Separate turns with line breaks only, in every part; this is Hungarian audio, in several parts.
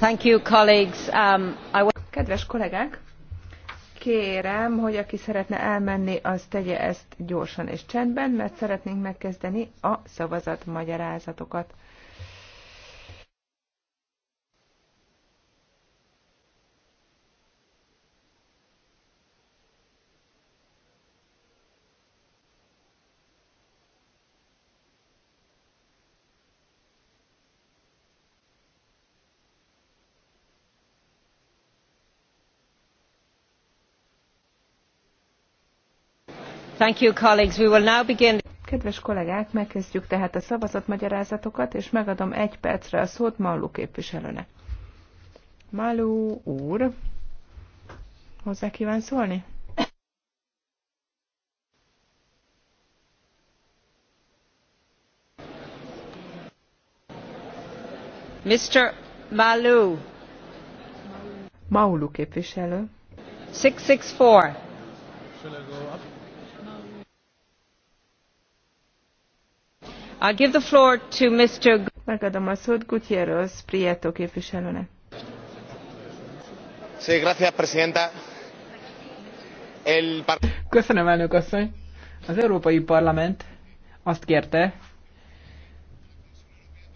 Um, Kedves kollégák, kérem, hogy aki szeretne elmenni, az tegye ezt gyorsan és csendben, mert szeretnénk megkezdeni a szavazatmagyarázatokat. Kedves kollégák, megkezdjük tehát a szavazatmagyarázatokat, és megadom egy percre a szót Malló képviselőnek. Malló úr, hozzá kíván szólni? Mr. Malu. Maulu képviselő. 664. I'll give the floor to Mr. Megadom a szót Gutierrez
Prieto képviselőnek. Sí, gracias, presidenta. El... Köszönöm, elnök asszony. Az Európai Parlament azt kérte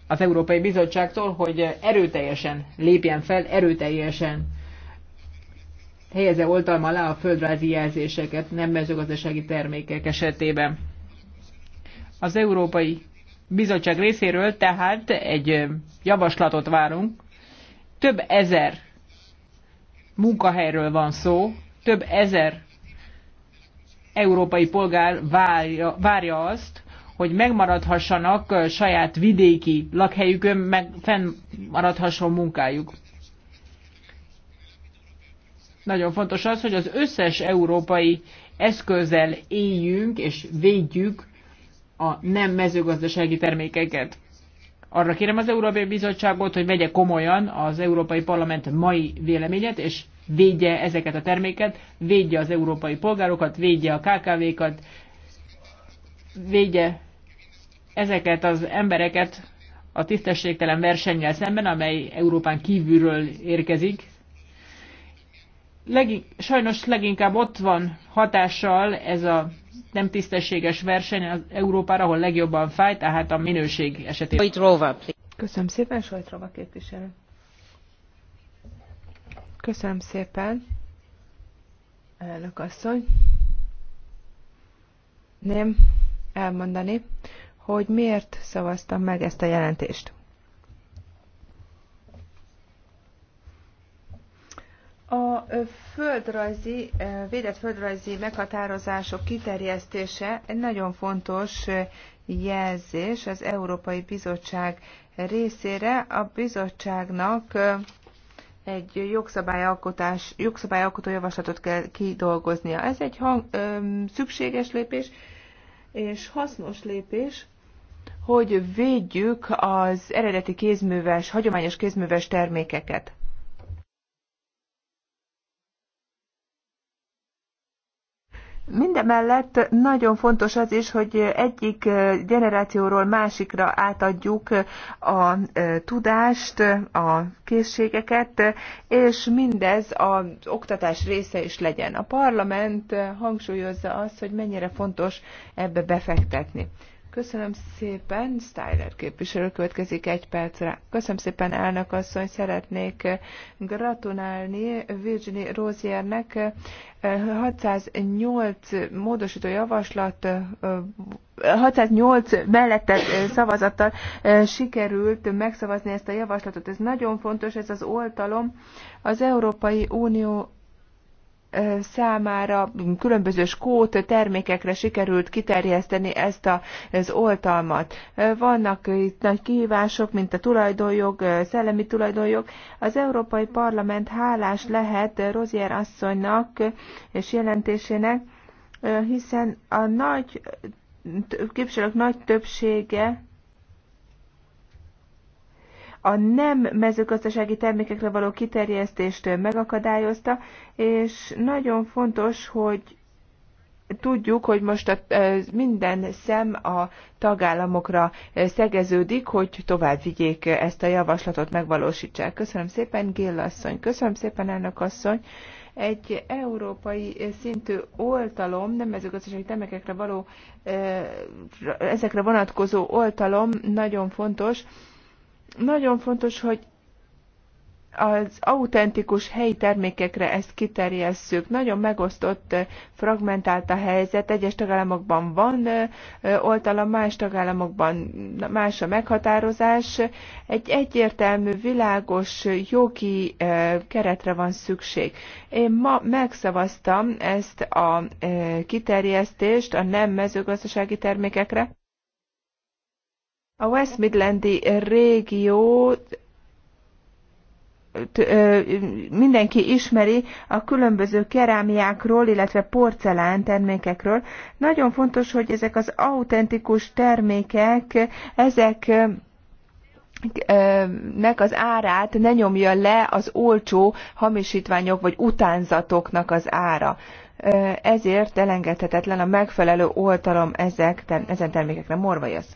az Európai Bizottságtól, hogy erőteljesen lépjen fel, erőteljesen helyeze oltalma alá a földrajzi jelzéseket nem mezőgazdasági termékek esetében. Az Európai bizottság részéről tehát egy javaslatot várunk. Több ezer munkahelyről van szó, több ezer európai polgár várja, várja azt, hogy megmaradhassanak saját vidéki lakhelyükön, meg fennmaradhasson munkájuk. Nagyon fontos az, hogy az összes európai eszközzel éljünk és védjük a nem mezőgazdasági termékeket. Arra kérem az Európai Bizottságot, hogy vegye komolyan az Európai Parlament mai véleményet, és védje ezeket a terméket, védje az európai polgárokat, védje a KKV-kat, védje ezeket az embereket a tisztességtelen versennyel szemben, amely Európán kívülről érkezik. Legink, sajnos leginkább ott van hatással ez a nem tisztességes verseny az Európára, ahol legjobban fáj, tehát a minőség esetében. Köszönöm szépen, Sajtrova
képviselő. Köszönöm szépen, elnök asszony. Nem elmondani, hogy miért szavaztam meg ezt a jelentést. A földrajzi, védett földrajzi meghatározások kiterjesztése egy nagyon fontos jelzés az Európai Bizottság részére. A bizottságnak egy jogszabályalkotás, jogszabályalkotó javaslatot kell kidolgoznia. Ez egy hang, ö, szükséges lépés és hasznos lépés, hogy védjük az eredeti kézműves, hagyományos kézműves termékeket. Mindemellett nagyon fontos az is, hogy egyik generációról másikra átadjuk a e, tudást, a készségeket, és mindez az oktatás része is legyen. A parlament hangsúlyozza azt, hogy mennyire fontos ebbe befektetni. Köszönöm szépen, Styler képviselő következik egy percre. Köszönöm szépen, elnök asszony, szeretnék gratulálni Virginie Rosiernek 608 módosító javaslat 608 mellette szavazattal sikerült megszavazni ezt a javaslatot. Ez nagyon fontos, ez az oltalom. Az Európai Unió számára különböző skót termékekre sikerült kiterjeszteni ezt a, az oltalmat. Vannak itt nagy kihívások, mint a tulajdonjog, szellemi tulajdonjog. Az Európai Parlament hálás lehet Rozier asszonynak és jelentésének, hiszen a nagy képviselők nagy többsége a nem mezőgazdasági termékekre való kiterjesztést megakadályozta, és nagyon fontos, hogy tudjuk, hogy most a, minden szem a tagállamokra szegeződik, hogy tovább vigyék ezt a javaslatot, megvalósítsák. Köszönöm szépen, Gél asszony. Köszönöm szépen, elnök asszony. Egy európai szintű oltalom, nem mezőgazdasági termékekre való, ezekre vonatkozó oltalom nagyon fontos, nagyon fontos, hogy az autentikus helyi termékekre ezt kiterjesszük. Nagyon megosztott, fragmentált a helyzet. Egyes tagállamokban van oltala, más tagállamokban más a meghatározás. Egy egyértelmű, világos jogi keretre van szükség. Én ma megszavaztam ezt a kiterjesztést a nem mezőgazdasági termékekre a West Midlandi régió mindenki ismeri a különböző kerámiákról, illetve porcelán termékekről. Nagyon fontos, hogy ezek az autentikus termékek, ezek nek az árát ne nyomja le az olcsó hamisítványok vagy utánzatoknak az ára. Ezért elengedhetetlen a megfelelő oltalom ezek, ezen termékekre. Morvajasz.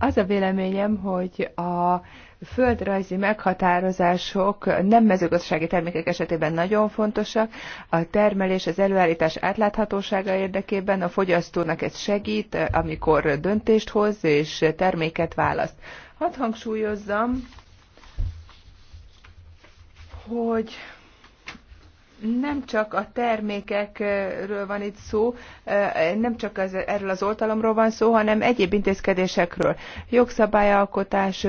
Az a véleményem, hogy a földrajzi meghatározások nem mezőgazdasági termékek esetében nagyon fontosak. A termelés, az előállítás átláthatósága érdekében a fogyasztónak ez segít, amikor döntést hoz és terméket választ. Hadd hangsúlyozzam, hogy nem csak a termékekről van itt szó, nem csak az, erről az oltalomról van szó, hanem egyéb intézkedésekről. Jogszabályalkotás,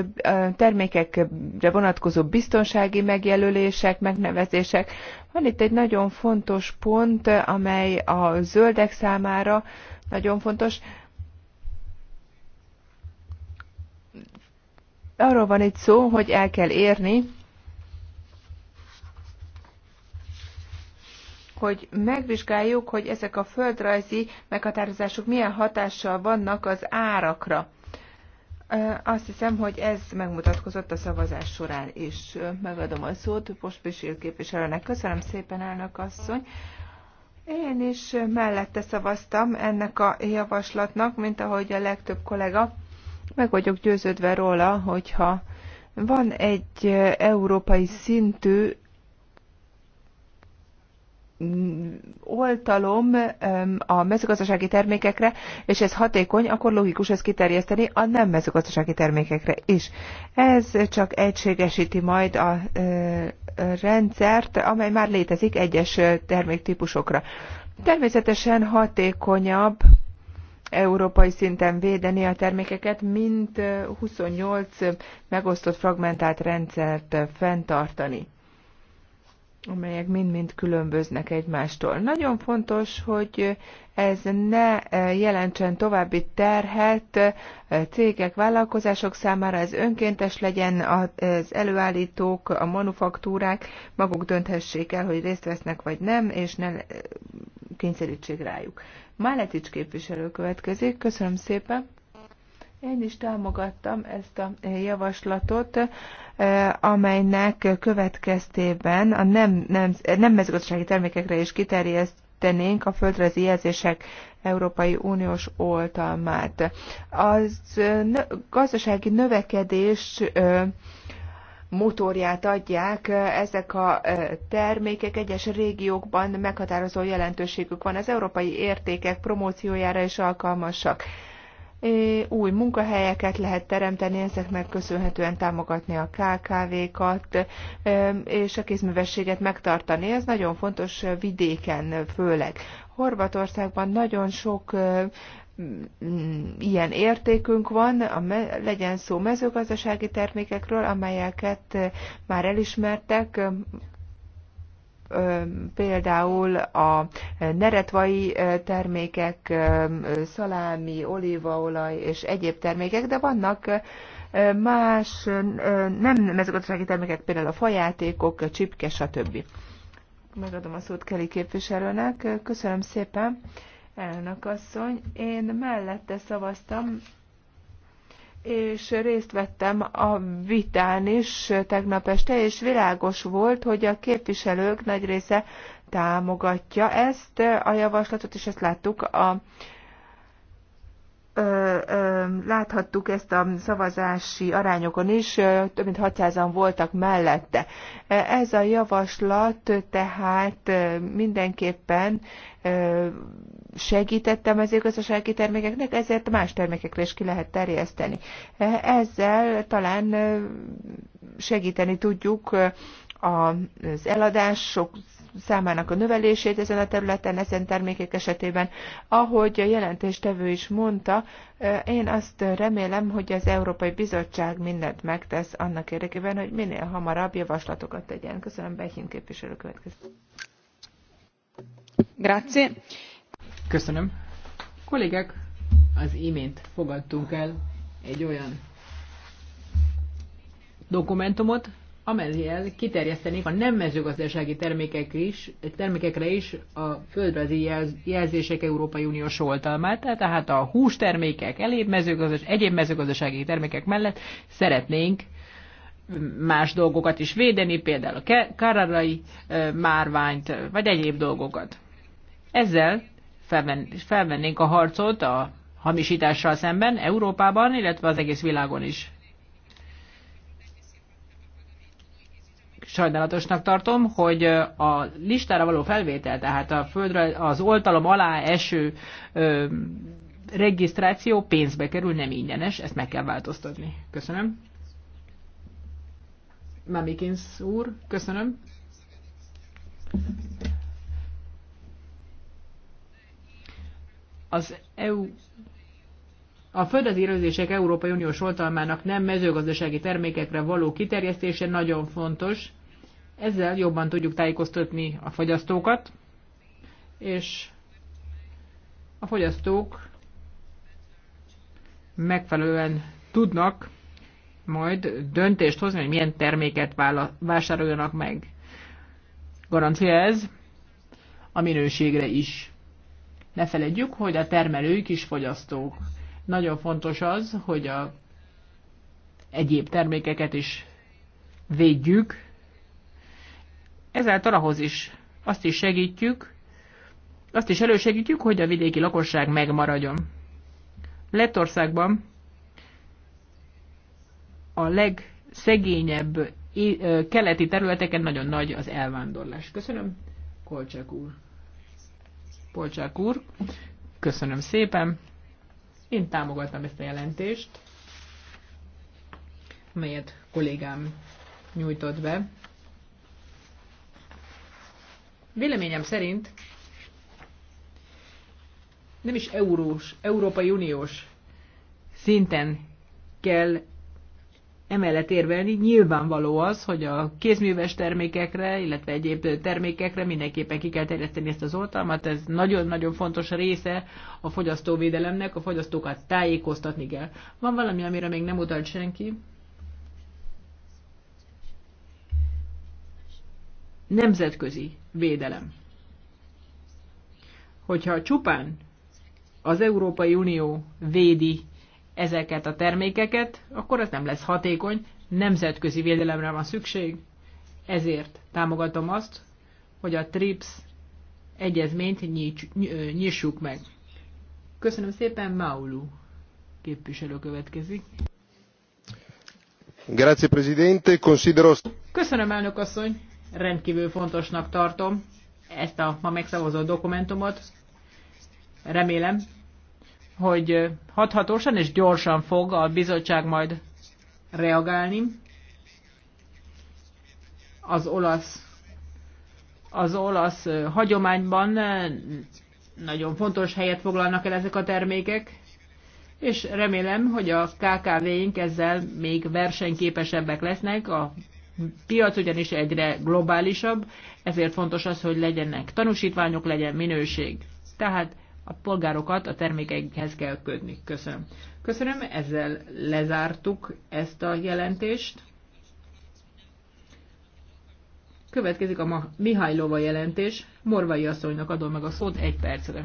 termékekre vonatkozó biztonsági megjelölések, megnevezések. Van itt egy nagyon fontos pont, amely a zöldek számára nagyon fontos. Arról van itt szó, hogy el kell érni, hogy megvizsgáljuk, hogy ezek a földrajzi meghatározások milyen hatással vannak az árakra. Azt hiszem, hogy ez megmutatkozott a szavazás során és Megadom a szót Pospisil képviselőnek. Köszönöm szépen, elnök asszony. Én is mellette szavaztam ennek a javaslatnak, mint ahogy a legtöbb kollega. Meg vagyok győződve róla, hogyha van egy európai szintű oltalom a mezőgazdasági termékekre, és ez hatékony, akkor logikus ezt kiterjeszteni a nem mezőgazdasági termékekre is. Ez csak egységesíti majd a rendszert, amely már létezik egyes terméktípusokra. Természetesen hatékonyabb európai szinten védeni a termékeket, mint 28 megosztott fragmentált rendszert fenntartani amelyek mind-mind különböznek egymástól. Nagyon fontos, hogy ez ne eh, jelentsen további terhet eh, cégek, vállalkozások számára, ez önkéntes legyen, az előállítók, a manufaktúrák maguk dönthessék el, hogy részt vesznek vagy nem, és ne eh, kényszerítsék rájuk. Máletics képviselő következik, köszönöm szépen. Én is támogattam ezt a javaslatot, eh, amelynek következtében a nem, nem, nem mezőgazdasági termékekre is kiterjesztenénk a földrajzi jelzések Európai Uniós oltalmát. Az eh, gazdasági növekedés eh, motorját adják ezek a termékek. Egyes régiókban meghatározó jelentőségük van. Az európai értékek promóciójára is alkalmasak új munkahelyeket lehet teremteni, ezeknek köszönhetően támogatni a KKV-kat, és a kézművességet megtartani. Ez nagyon fontos vidéken főleg. Horvatországban nagyon sok ilyen értékünk van, a me, legyen szó mezőgazdasági termékekről, amelyeket már elismertek például a neretvai termékek, szalámi, olívaolaj és egyéb termékek, de vannak más nem mezőgazdasági termékek, például a fajátékok, a csipke, stb. Megadom a szót Keli képviselőnek. Köszönöm szépen, elnök asszony. Én mellette szavaztam, és részt vettem a vitán is tegnap este, és világos volt, hogy a képviselők nagy része támogatja ezt a javaslatot, és ezt láttuk a ö, ö, láthattuk ezt a szavazási arányokon is, több mint 600-an voltak mellette. Ez a javaslat tehát mindenképpen ö, segítettem az gazdasági termékeknek, ezért más termékekre is ki lehet terjeszteni. Ezzel talán segíteni tudjuk az eladások számának a növelését ezen a területen, ezen termékek esetében. Ahogy a jelentéstevő is mondta, én azt remélem, hogy az Európai Bizottság mindent megtesz annak érdekében, hogy minél hamarabb javaslatokat tegyen. Köszönöm, Behin képviselő következő.
Grazie. Köszönöm. Kollégák, az imént fogadtunk el egy olyan dokumentumot, amelyel kiterjesztenék a nem mezőgazdasági termékek is, termékekre is a földrajzi jelz, jelzések Európai Uniós oltalmát, tehát a hústermékek, elég mezőgazdas, egyéb mezőgazdasági termékek mellett szeretnénk más dolgokat is védeni, például a kararai márványt, vagy egyéb dolgokat. Ezzel felvennénk a harcot a hamisítással szemben Európában, illetve az egész világon is. sajnálatosnak tartom, hogy a listára való felvétel, tehát a földre, az oltalom alá eső ö, regisztráció pénzbe kerül, nem ingyenes, ezt meg kell változtatni. Köszönöm. Mamikins úr, köszönöm. Az EU a földrajzírozések Európai Uniós oltalmának nem mezőgazdasági termékekre való kiterjesztése nagyon fontos. Ezzel jobban tudjuk tájékoztatni a fogyasztókat, és a fogyasztók megfelelően tudnak majd döntést hozni, hogy milyen terméket vásároljanak meg. Garancia ez a minőségre is. Ne feledjük, hogy a termelők is fogyasztók. Nagyon fontos az, hogy a egyéb termékeket is védjük, Ezáltal ahhoz is azt is segítjük, azt is elősegítjük, hogy a vidéki lakosság megmaradjon. Lettországban a legszegényebb keleti területeken nagyon nagy az elvándorlás. Köszönöm, Kolcsák úr. Polcsák úr, köszönöm szépen. Én támogattam ezt a jelentést, melyet kollégám nyújtott be. Véleményem szerint nem is eurós, Európai Uniós szinten kell emellett érvelni. Nyilvánvaló az, hogy a kézműves termékekre, illetve egyéb termékekre mindenképpen ki kell terjeszteni ezt az oltalmat. Ez nagyon-nagyon fontos része a fogyasztóvédelemnek, a fogyasztókat tájékoztatni kell. Van valami, amire még nem utalt senki, nemzetközi védelem. Hogyha csupán az Európai Unió védi ezeket a termékeket, akkor ez nem lesz hatékony, nemzetközi védelemre van szükség, ezért támogatom azt, hogy a TRIPS egyezményt nyits, nyissuk meg. Köszönöm szépen, Maulu képviselő következik. Grazie, Presidente. Considero... Köszönöm, elnök asszony rendkívül fontosnak tartom ezt a ma megszavazott dokumentumot. Remélem, hogy hathatósan és gyorsan fog a bizottság majd reagálni. Az olasz, az olasz hagyományban nagyon fontos helyet foglalnak el ezek a termékek, és remélem, hogy a KKV-ink ezzel még versenyképesebbek lesznek a piac ugyanis egyre globálisabb, ezért fontos az, hogy legyenek tanúsítványok, legyen minőség. Tehát a polgárokat a termékeikhez kell kötni. Köszönöm. Köszönöm, ezzel lezártuk ezt a jelentést. Következik a Lova jelentés. Morvai asszonynak adom meg a szót egy percre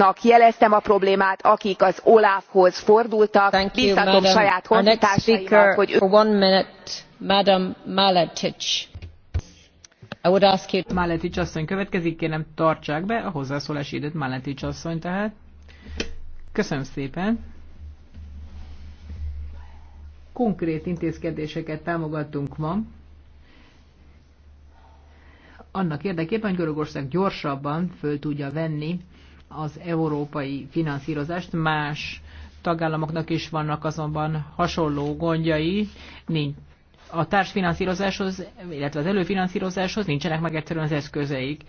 Nak jeleztem a problémát akik az olaf hoz fordultak bztatom saját honfitársaimat
hogy Máletics asszony következik, kérem tartsák be a hozzászólási időt, Máletics asszony tehát. Köszönöm szépen. Konkrét intézkedéseket támogattunk ma. Annak érdekében Görögország gyorsabban föl tudja venni az európai finanszírozást. Más tagállamoknak is vannak azonban hasonló gondjai, nincs a társfinanszírozáshoz, illetve az előfinanszírozáshoz nincsenek meg egyszerűen az eszközeik.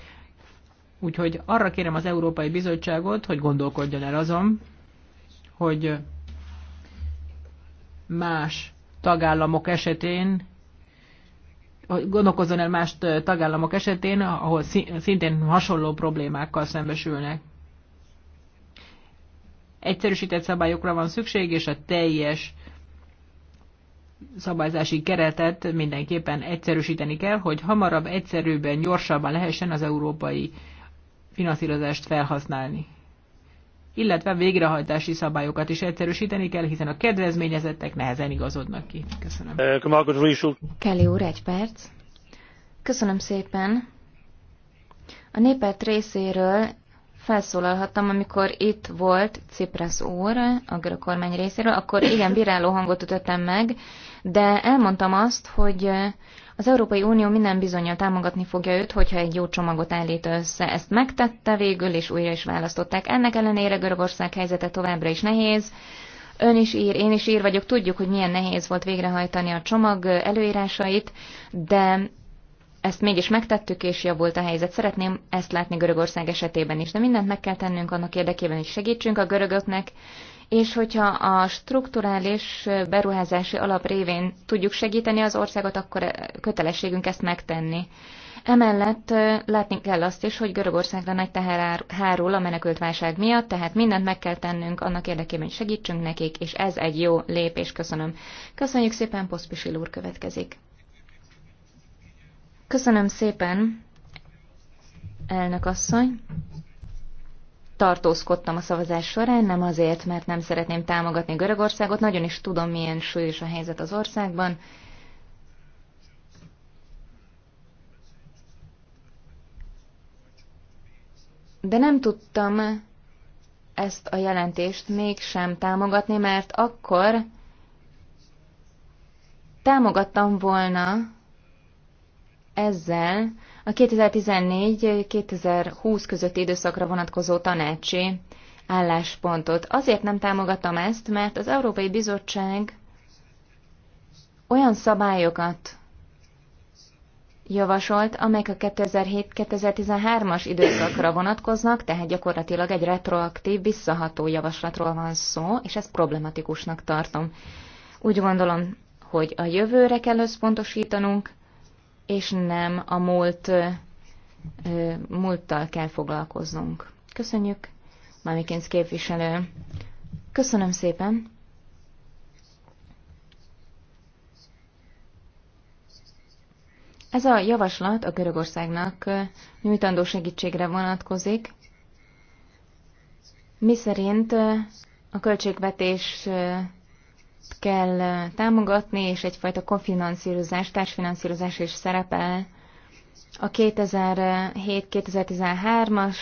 Úgyhogy arra kérem az Európai Bizottságot, hogy gondolkodjon el azon, hogy más tagállamok esetén, hogy gondolkozzon el más tagállamok esetén, ahol szintén hasonló problémákkal szembesülnek egyszerűsített szabályokra van szükség, és a teljes szabályzási keretet mindenképpen egyszerűsíteni kell, hogy hamarabb, egyszerűbben, gyorsabban lehessen az európai finanszírozást felhasználni. Illetve végrehajtási szabályokat is egyszerűsíteni kell, hiszen a kedvezményezettek nehezen igazodnak ki. Köszönöm.
Eh,
Kelly úr, egy perc. Köszönöm szépen. A népet részéről felszólalhattam, amikor itt volt Cipras úr a görög kormány részéről, akkor igen, viráló hangot ütöttem meg, de elmondtam azt, hogy az Európai Unió minden bizonyal támogatni fogja őt, hogyha egy jó csomagot állít össze. Ezt megtette végül, és újra is választották. Ennek ellenére Görögország helyzete továbbra is nehéz. Ön is ír, én is ír vagyok, tudjuk, hogy milyen nehéz volt végrehajtani a csomag előírásait, de ezt mégis megtettük, és javult a helyzet. Szeretném ezt látni Görögország esetében is, de mindent meg kell tennünk annak érdekében, hogy segítsünk a görögöknek, és hogyha a strukturális beruházási alap révén tudjuk segíteni az országot, akkor kötelességünk ezt megtenni. Emellett látni kell azt is, hogy Görögországra nagy teher hárul a menekült válság miatt, tehát mindent meg kell tennünk annak érdekében, hogy segítsünk nekik, és ez egy jó lépés, köszönöm. Köszönjük szépen, Poszpisil úr következik. Köszönöm szépen, elnök asszony. Tartózkodtam a szavazás során, nem azért, mert nem szeretném támogatni Görögországot, nagyon is tudom, milyen súlyos a helyzet az országban. De nem tudtam ezt a jelentést mégsem támogatni, mert akkor támogattam volna ezzel a 2014-2020 közötti időszakra vonatkozó tanácsi álláspontot. Azért nem támogatom ezt, mert az Európai Bizottság olyan szabályokat javasolt, amelyek a 2007-2013-as időszakra vonatkoznak, tehát gyakorlatilag egy retroaktív, visszaható javaslatról van szó, és ezt problematikusnak tartom. Úgy gondolom, hogy a jövőre kell összpontosítanunk, és nem a múlt, múlttal kell foglalkoznunk. Köszönjük, Mamikénz képviselő. Köszönöm szépen. Ez a javaslat a Görögországnak nyújtandó segítségre vonatkozik, miszerint a költségvetés kell támogatni, és egyfajta kofinanszírozás, társfinanszírozás is szerepel a 2007-2013-as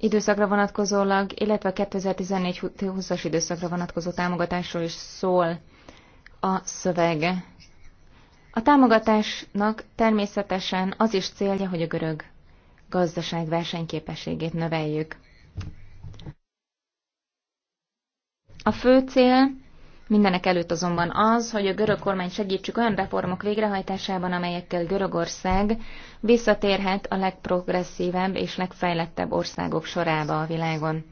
időszakra vonatkozólag, illetve a 2014-20-as időszakra vonatkozó támogatásról is szól a szöveg. A támogatásnak természetesen az is célja, hogy a görög gazdaság versenyképességét növeljük. A fő cél Mindenek előtt azonban az, hogy a görög kormány segítsük olyan reformok végrehajtásában, amelyekkel Görögország visszatérhet a legprogresszívebb és legfejlettebb országok sorába a világon.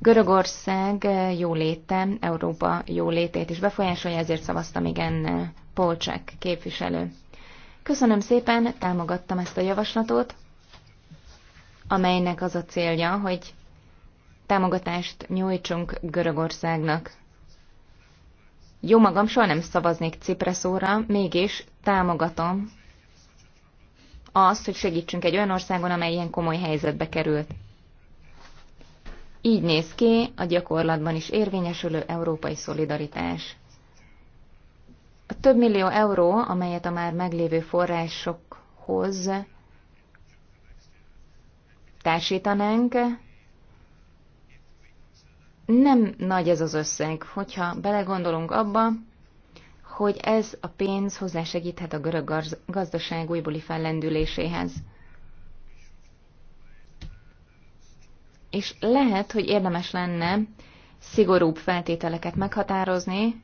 Görögország jóléte, Európa jólétét is befolyásolja, ezért szavaztam igen Polcsek képviselő. Köszönöm szépen, támogattam ezt a javaslatot, amelynek az a célja, hogy támogatást nyújtsunk Görögországnak. Jó magam, soha nem szavaznék Cipreszóra, mégis támogatom azt, hogy segítsünk egy olyan országon, amely ilyen komoly helyzetbe került. Így néz ki a gyakorlatban is érvényesülő európai szolidaritás. A több millió euró, amelyet a már meglévő forrásokhoz társítanánk, nem nagy ez az összeg, hogyha belegondolunk abba, hogy ez a pénz hozzásegíthet a görög gazdaság újbóli fellendüléséhez. És lehet, hogy érdemes lenne szigorúbb feltételeket meghatározni,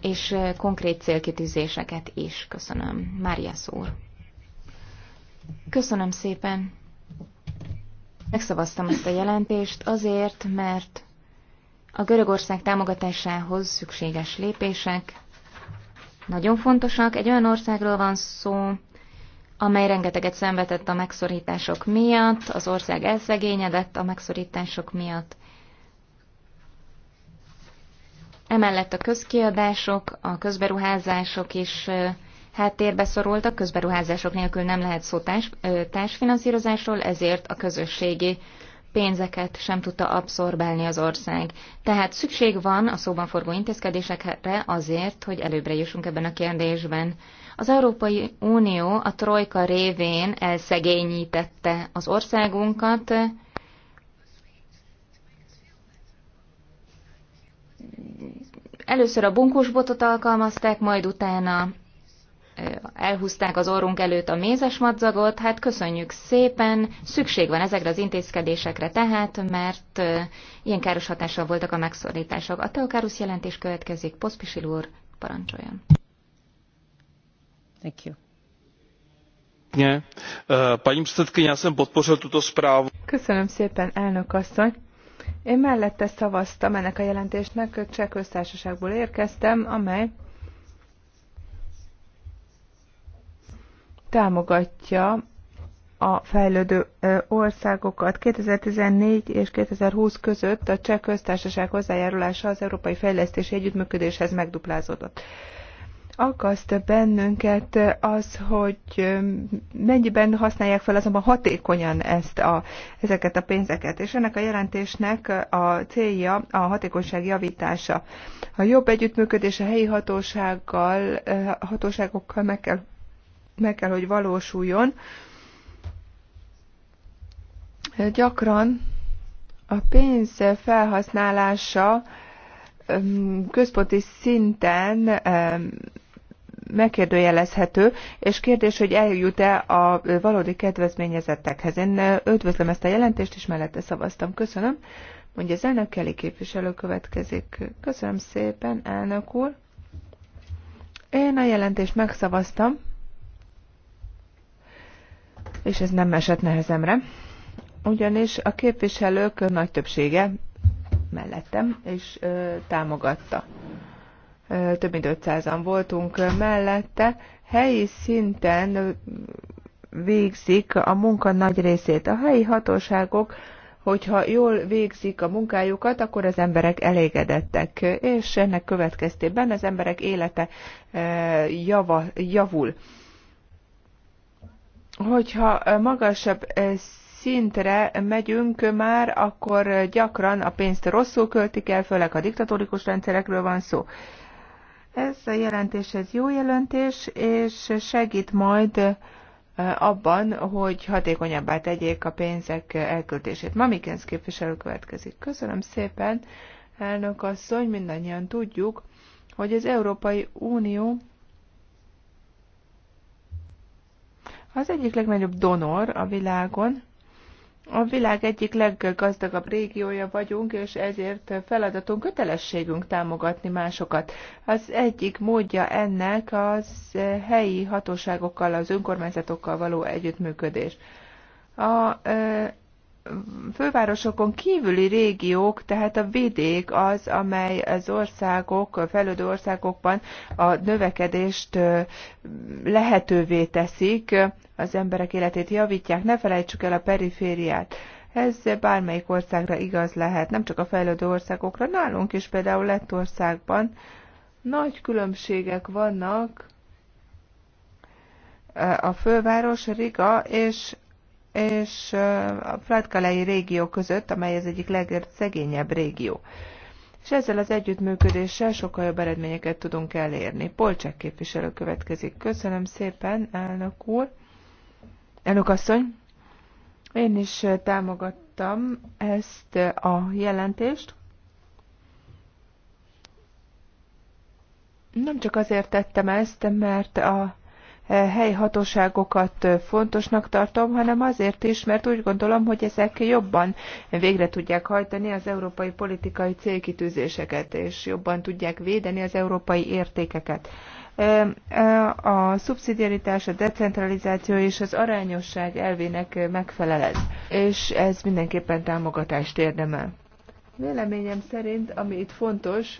és konkrét célkitűzéseket is. Köszönöm. Mária szór. Köszönöm szépen. Megszavaztam ezt a jelentést azért, mert a Görögország támogatásához szükséges lépések nagyon fontosak. Egy olyan országról van szó, amely rengeteget szenvedett a megszorítások miatt, az ország elszegényedett a megszorítások miatt. Emellett a közkiadások, a közberuházások is Háttérbe szorult a közberuházások nélkül nem lehet szó társ, társfinanszírozásról, ezért a közösségi pénzeket sem tudta abszorbálni az ország. Tehát szükség van a szóban forgó intézkedésekre azért, hogy előbbre jussunk ebben a kérdésben. Az Európai Unió a trojka révén elszegényítette az országunkat, először a bunkós botot alkalmazták, majd utána elhúzták az orrunk előtt a mézes madzagot, hát köszönjük szépen, szükség van ezekre az intézkedésekre tehát, mert ilyen káros hatással voltak a megszorítások. A Teokárusz jelentés következik, Poszpisil úr, parancsoljon. Thank you. E, tuto
Köszönöm szépen, elnök asszony. Én mellette szavaztam ennek a jelentésnek, csak köztársaságból érkeztem, amely támogatja a fejlődő országokat. 2014 és 2020 között a cseh köztársaság hozzájárulása az európai fejlesztési együttműködéshez megduplázódott. Akaszt bennünket az, hogy mennyiben használják fel azonban hatékonyan ezt a, ezeket a pénzeket, és ennek a jelentésnek a célja a hatékonyság javítása. A jobb együttműködés a helyi hatósággal, hatóságokkal meg kell meg kell, hogy valósuljon. Gyakran a pénz felhasználása központi szinten megkérdőjelezhető, és kérdés, hogy eljut-e a valódi kedvezményezettekhez. Én ötvözlöm ezt a jelentést, és mellette szavaztam. Köszönöm. Mondja az elnök Kelly képviselő következik. Köszönöm szépen, elnök úr. Én a jelentést megszavaztam és ez nem esett nehezemre, ugyanis a képviselők nagy többsége mellettem, és ö, támogatta. Ö, több mint 500-an voltunk mellette. Helyi szinten végzik a munka nagy részét. A helyi hatóságok, hogyha jól végzik a munkájukat, akkor az emberek elégedettek, és ennek következtében az emberek élete java, javul hogyha magasabb szintre megyünk már, akkor gyakran a pénzt rosszul költik el, főleg a diktatórikus rendszerekről van szó. Ez a jelentés, ez jó jelentés, és segít majd abban, hogy hatékonyabbá tegyék a pénzek elköltését. Mamikens képviselő következik. Köszönöm szépen, elnök asszony, mindannyian tudjuk, hogy az Európai Unió Az egyik legnagyobb donor a világon, a világ egyik leggazdagabb régiója vagyunk, és ezért feladatunk, kötelességünk támogatni másokat. Az egyik módja ennek az helyi hatóságokkal, az önkormányzatokkal való együttműködés. A fővárosokon kívüli régiók, tehát a vidék az, amely az országok, a fejlődő országokban a növekedést lehetővé teszik, az emberek életét javítják, ne felejtsük el a perifériát. Ez bármelyik országra igaz lehet, nem csak a fejlődő országokra, nálunk is például Lettországban nagy különbségek vannak a főváros Riga és és a Pratkalei régió között, amely az egyik legszegényebb régió. És ezzel az együttműködéssel sokkal jobb eredményeket tudunk elérni. Polcsák képviselő következik. Köszönöm szépen, elnök úr. Elnök asszony, én is támogattam ezt a jelentést. Nem csak azért tettem ezt, mert a helyi hatóságokat fontosnak tartom, hanem azért is, mert úgy gondolom, hogy ezek jobban végre tudják hajtani az európai politikai célkitűzéseket, és jobban tudják védeni az európai értékeket. A szubszidiaritás, a decentralizáció és az arányosság elvének megfelel ez, és ez mindenképpen támogatást érdemel. Véleményem szerint, ami itt fontos,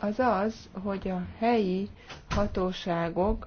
az az, hogy a helyi hatóságok